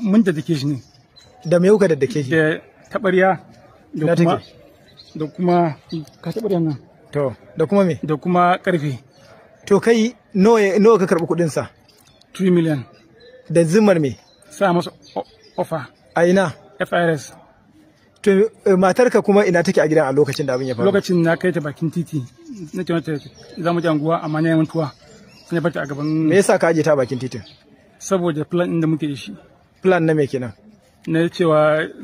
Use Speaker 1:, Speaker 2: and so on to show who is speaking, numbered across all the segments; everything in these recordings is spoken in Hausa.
Speaker 1: mun da dake shi ne da me kuka da dake shi da tabariya da kuma da kuma ka tabariya nan to da kuma me da kuma karfe to kai nawa nawa ka karbi kudin sa 3 million da zimmar me sa masa ofa
Speaker 2: a ina FIRS To eh, matarka kuma ina take a gidan a lokacin da abin ya faru?
Speaker 1: Lokacin na kai ta bakin titi na ce mata za mu je anguwa amma na yi mutuwa sun bata a gaban. Me yasa ka aje ta bakin titin? Saboda plan inda da muke da shi. plan na me kenan na cewa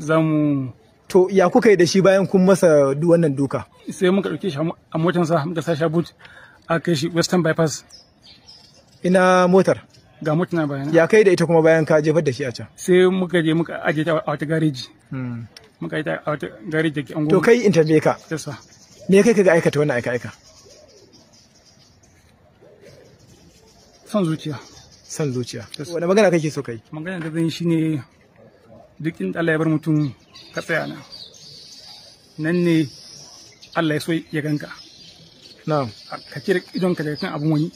Speaker 1: za mu to ya kuka yi da shi bayan kun masa wannan duka sai muka ɗauke shi a sa, muka sa shi boot a kai shi western bypass ina motar ga motar na bayan ya kai da ita kuma bayan ka jefar da shi a can sai muka je muka aje ta a wata gareji hmm. muka yi ta a wata gareji da ke an to kai
Speaker 2: interview ka me kai ka ga aikata wannan aika aika
Speaker 1: son zuciya san zuciya wani magana kake so kai magana da zan shi ne duk in Allah ya bar mutum ka tsaya na nan ne Allah ya so ya ganka na'am ka kira idon ka daga kan abun wani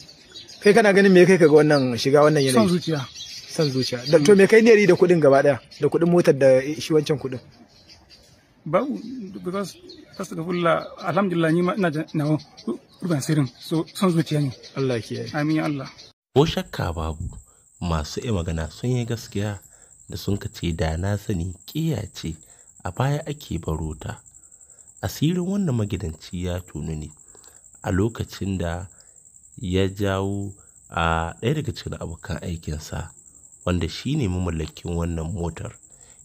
Speaker 1: kai kana ganin me kai kaga wannan shiga wannan yanayi san zuciya san zuciya da
Speaker 2: to me kai ne da kuɗin gaba daya da kuɗin motar da shi wancan kuɗin
Speaker 1: ba because first of all alhamdulillah ni ma ina nawa kurban sirrin so san zuciya ne Allah ya kiyaye amin Allah
Speaker 3: Ko shakka babu, masu yi magana sun yi gaskiya da sun ce da na sani ƙeya ce a baya ake baro ta. Asirin wannan magidanci ya tunu ne a lokacin da ya jawo a ɗaya daga cikin abokan aikinsa, wanda shi ne mamallakin wannan motar,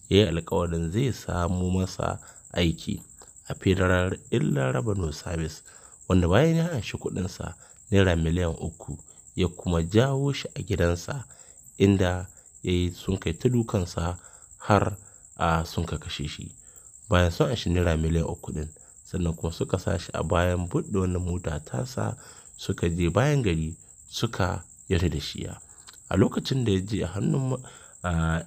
Speaker 3: ya yi alkawarin zai samu masa aiki a Federal illa rabano Service, wanda bayan ya anshi kuɗinsa Naira miliyan uku. ya kuma jawo shi a gidansa inda ya yi sun kai ta dukansa har a sun ka kashe shi bayan sun anshi naira miliyan uku din, sannan kuma suka sa shi a bayan buɗe wannan mota tasa suka je bayan gari suka yarda da shiya a lokacin da ya je a hannun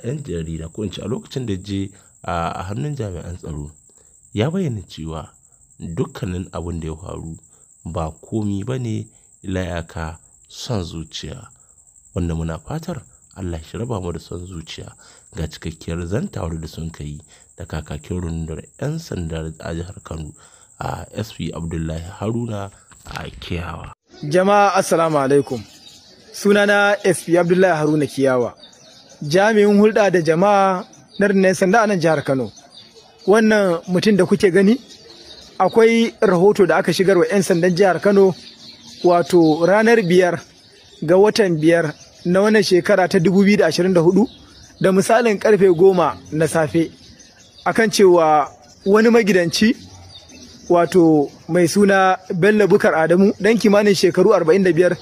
Speaker 3: yan jarida ko a lokacin da ya je a hannun jami'an tsaro ya bayyana cewa dukkanin abin da ya faru ba komi ba ne layaka son zuciya wanda muna fatar Allah shi raba mu da son zuciya ga cikakkiyar zantawar da sun kai da kakakin rundunar 'yan sanda a jihar Kano a SP Abdullahi Haruna a Kiyawa.
Speaker 2: Jama'a Assalamu alaikum. Sunana SP Abdullahi Haruna Kiyawa. Jami'in hulɗa da jama'a na rundunar sanda a nan jihar Kano. Wannan mutum da kuke gani akwai rahoto da aka shigar wa 'yan sandan jihar Kano wato ranar biyar ga watan biyar na wannan shekara ta 2024 da misalin karfe goma na safe akan cewa wani magidanci wato mai suna bello bukar adamu dan kimanin shekaru 45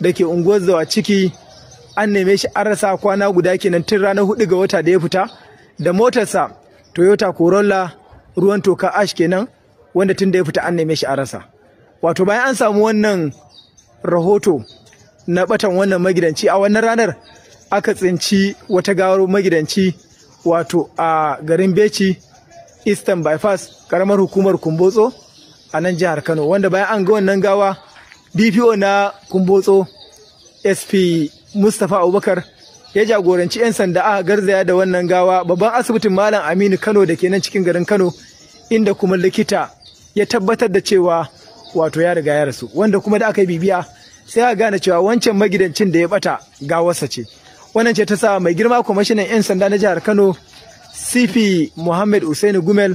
Speaker 2: da ke unguwar zawa ciki an neme shi an rasa kwana guda kenan tun ranar hudu ga wata da ya fita da motarsa toyota corolla ruwan toka ash kenan wanda tun da ya fita an neme shi an rasa wato bayan an samu wannan rahoto na batan wannan magidanci a wannan ranar aka tsinci wata gawar magidanci wato a garin beci eastern bypass karamar hukumar kumbotso a nan jihar kano wanda bayan an ga wannan gawa dpo na kumbotso sp mustapha abubakar ya jagoranci 'yan sanda a garzaya da wannan gawa babban asibitin malam aminu kano da ke nan cikin garin kano inda kuma likita ya tabbatar da cewa wato ya riga ya rasu wanda kuma da aka yi bibiya sai aka gane cewa wancan magidancin da ya bata gawarsa ce wannan ce ta sa mai girma kwamishinan 'yan sanda na jihar kano cp muhammad usaini gumel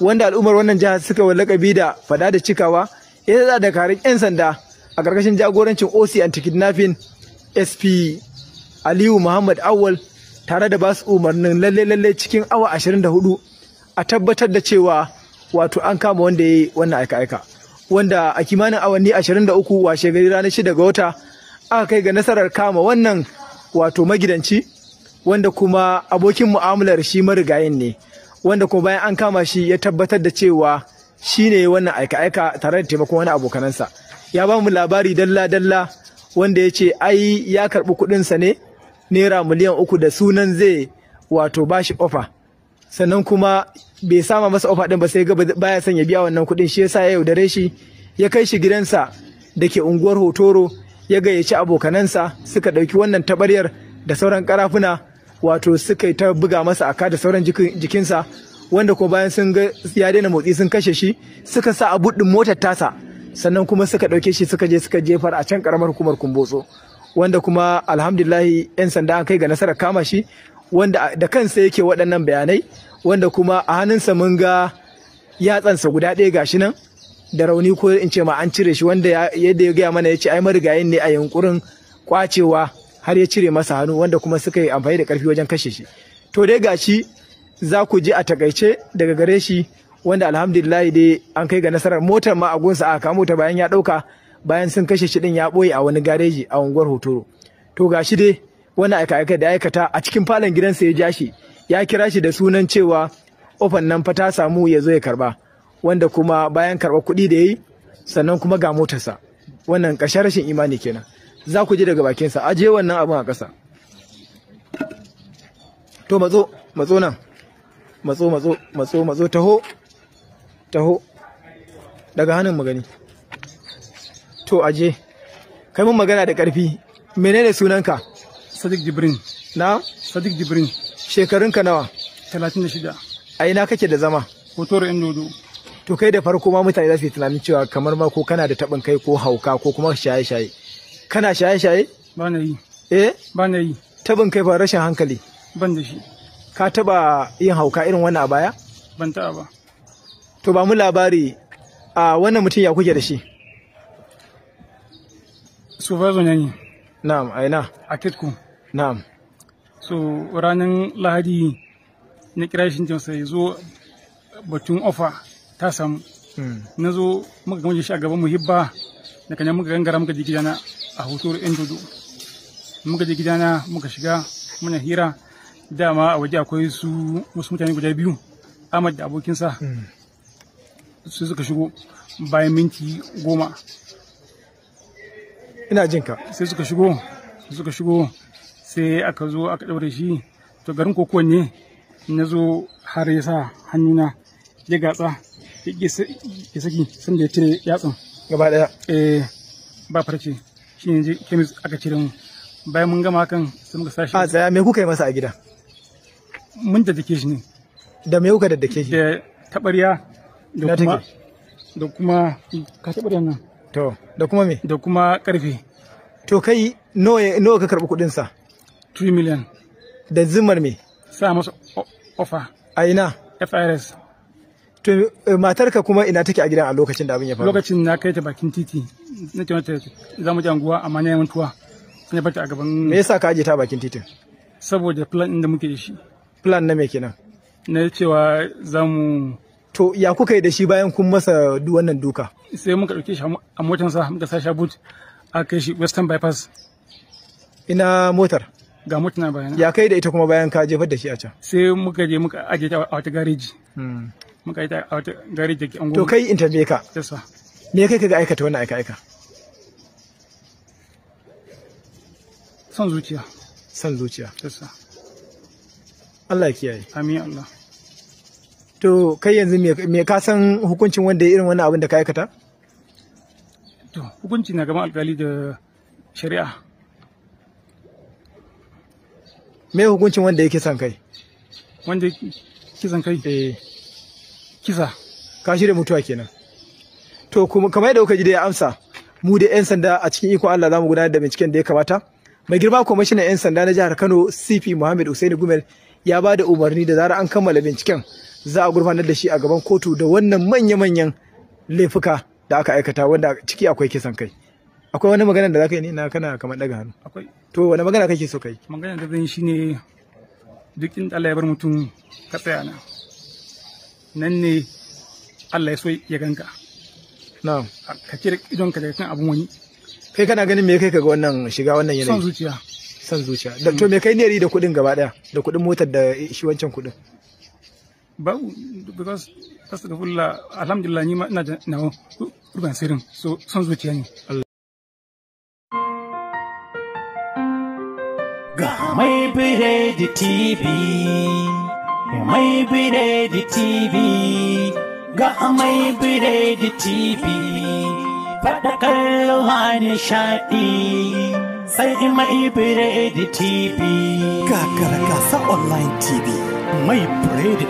Speaker 2: wanda al'ummar wannan jihar suka lakabi da fada da cikawa ya zaɗa da karin 'yan sanda a ƙarƙashin jagorancin oc anti-kidnapping sp aliyu muhammad awal tare da basu umarnin lalle-lalle cikin awa 24 a tabbatar da cewa wato an kama wanda ya yi wannan aika-aika wanda a kimanin awanni 23 washe gari ranar 6 ga wata aka kai ga nasarar kama wannan wato magidanci wanda kuma abokin mu'amalar shi marigayin ne wanda kuma bayan an kama shi ya tabbatar da cewa shi ne wannan aika-aika tare da taimakon wani abokanansa ya ba mu labari dalla-dalla wanda ya ce ai ya karɓi kuɗinsa ne naira miliyan uku da sunan zai wato bashi ofa sannan kuma bai sama masa ofa din ba sai ga baya son ya biya wannan kuɗin shi yasa ya yaudare shi ya kai shi gidansa da ke unguwar hotoro ya gayyaci abokanansa suka ɗauki wannan tabaryar da sauran karafuna wato suka yi ta buga masa aka da sauran jikinsa wanda ko bayan sun ga ya daina motsi sun kashe shi suka sa a buɗin motar tasa sannan kuma suka ɗauke shi suka je suka jefar a can karamar hukumar kumbotso wanda kuma alhamdulillahi 'yan sanda an kai ga nasarar kama shi wanda da kansa yake waɗannan bayanai wanda kuma a hannunsa mun ga yatsansa guda ɗaya gashi nan da rauni ko in ce ma an cire shi wanda yadda ya gaya mana ya ce ai marigayin ne a yunkurin kwacewa har ya cire masa hannu wanda kuma suka yi amfani da karfi wajen kashe shi to dai gashi za ku ji a takaice daga gare shi wanda alhamdulillah dai an kai ga nasarar motar ma a gunsa a kamo ta bayan ya ɗauka bayan sun kashe shi din ya ɓoye a wani gareji a unguwar hotoro to gashi dai wani aika da aikata a cikin falon gidansa ya ja shi ya kira shi da sunan cewa ofan nan fa ta samu ya zo ya karba wanda kuma bayan karba kuɗi da yi sannan kuma ga motarsa wannan ƙarshen rashin imani kenan za ku ji daga bakinsa aje wannan abin a ƙasa to matso matso nan matso matso matso matso taho taho daga hannun mu gani to aje kai mun magana da ƙarfi menene sunanka Sadiq Jibrin. Na? Sadiq Jibrin. ka nawa? Talatin da shida. A ina kake da zama? Hotoro yan dodo. To kai da farko ma mutane za su yi tunanin cewa kamar ma ko kana da taɓin kai ko hauka ko kuma shaye-shaye. Kana shaye-shaye? Ba na yi. Eh? Ba na yi. Taɓin kai ba rashin hankali. Ban da shi. Ka taɓa yin hauka irin wannan a baya? Ban taɓa ba. To ba mu labari a wannan mutum ya kuke da shi?
Speaker 1: Supervisor ne. Na'am, aina. A Kitku. na'am so ranar lahadi na kira shi jinsa sai zo batun ofa ta samu hmm. na zo muka gama shi a gaban muhibba da kanyar muka gangara muka je gidana a hoto yan dodo muka je gidana muka shiga muna hira dama a waje akwai su wasu mutane guda biyu ahmad da abokinsa hmm. su suka shigo bayan minti goma ina jinka sai suka shigo suka shigo sai aka zo aka ɗaure shi to garin kokon ne na zo har ya sa hannuna ya gatsa ya saki sanda ya cire yatsun gaba daya eh ba farce shi ne kemis aka cire mu bayan mun gama kan sun ga sashi a tsaya me kuka yi masa a gida mun da dake shi ne da me kuka da dake shi da tabariya da kuma da kuma ka tabariya nan to da kuma me da kuma karfe to kai nawa nawa ka karbi kudin sa 3 million da zimmar
Speaker 2: me sa masa ofa a ina firs to eh, matarka kuma ina take a gidan a lokacin da abin ya faru
Speaker 1: lokacin na kai ta bakin titi na ce mata za mu je anguwa amma na yi mutuwa na bata a gaban me yasa ka aje ta bakin titin saboda plan din da muke da shi plan na me kenan na cewa za mu to ya kuka yi da shi bayan kun masa wannan duka sai muka dauke shi a motar sa muka sa shi a boot a kai shi western bypass ina motar ga mutuna bayana ya kai da ita kuma bayan ka jefar da shi a can sai muka je muka aje ta a wata gareji hmm. muka yi ta a wata gareji ke to kai
Speaker 2: in ka yasa me kai kaga aikata wannan aika aika son zuciya son zuciya yasa
Speaker 1: Allah ya kiyaye amin Allah
Speaker 2: to kai yanzu me ka san hukuncin wanda irin wannan abin da ka aikata
Speaker 1: to hukunci na gaban alkali da shari'a me hukuncin wanda ya kisan kai wanda kisan kai eh kisa
Speaker 2: ka shirya mutuwa kenan to kuma kamar yadda kuka ji da ya amsa mu da yan sanda a cikin ikon Allah zamu gudanar da binciken da ya kamata mai girma kwamishinan yan sanda na jihar Kano CP Muhammad Usaini Gumel ya ba da umarni da zarar an kammala binciken za a gurfanar da shi a gaban kotu da wannan manya-manyan laifuka da aka aikata wanda ciki akwai kisan kai akwai wani magana da za ka yi ne na kana kamar daga hannu akwai to wani magana kake so kai magana da zan shi ne
Speaker 1: duk inda Allah ya bar mutum ka tsaya na nan ne Allah ya so ya ganka na'am ka kira idon ka daga kan abun wani kai kana
Speaker 2: ganin me kai kaga wannan shiga wannan yanayi son zuciya son zuciya da to me kai ne da kuɗin gaba daya da kuɗin motar da shi wancan kuɗin
Speaker 1: babu because fulla alhamdulillah ni ma ina da nawo ruban sirrin so son zuciya ne Mai ready TV, Mai ready TV, ga Mai ready TV, faɗakar ruhani Sai Mai ready TV. Got
Speaker 2: online TV, be ready.